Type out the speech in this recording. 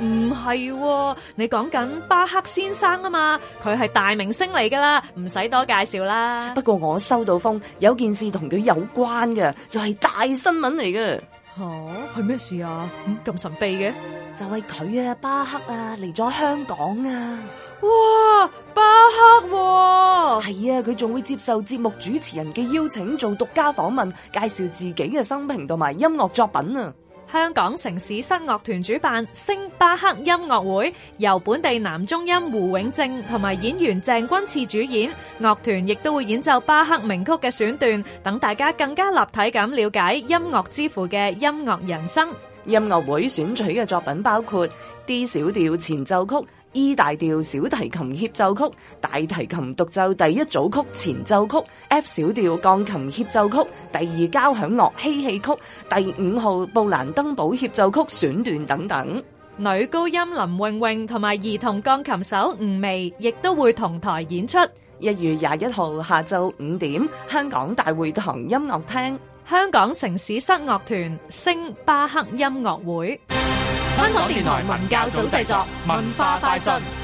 唔係、啊，你講緊巴克先生啊嘛，佢係大明星嚟噶啦唔使多介紹啦。不過我收到風，有件事同佢有關嘅，就係、是、大新聞嚟嘅。吓、啊，係咩事啊？咁、嗯、神秘嘅，就係佢啊，巴克啊，嚟咗香港啊。哇，巴克喎，係啊，佢仲、啊、會接受節目主持人嘅邀請做獨家訪問，介紹自己嘅生平同埋音樂作品啊。香港城市新樂團主辦星巴克音樂會，由本地男中音胡永正同埋演員鄭君次主演，樂團亦都會演奏巴克名曲嘅選段，等大家更加立體咁了解音樂之父嘅音樂人生。音樂會選取嘅作品包括《D 小調前奏曲》、E 大調小提琴協奏曲、大提琴獨奏第一組曲前奏曲、F 小調鋼琴協奏曲、第二交響樂嬉戲曲、第五號布蘭登堡協奏曲選段等等。女高音林詠詠同埋兒童鋼琴手吳薇亦都會同台演出。一月廿一號下晝五點，香港大會堂音樂廳，香港城市室樂團星巴克音樂會。香港電台文教組製作，文化快訊。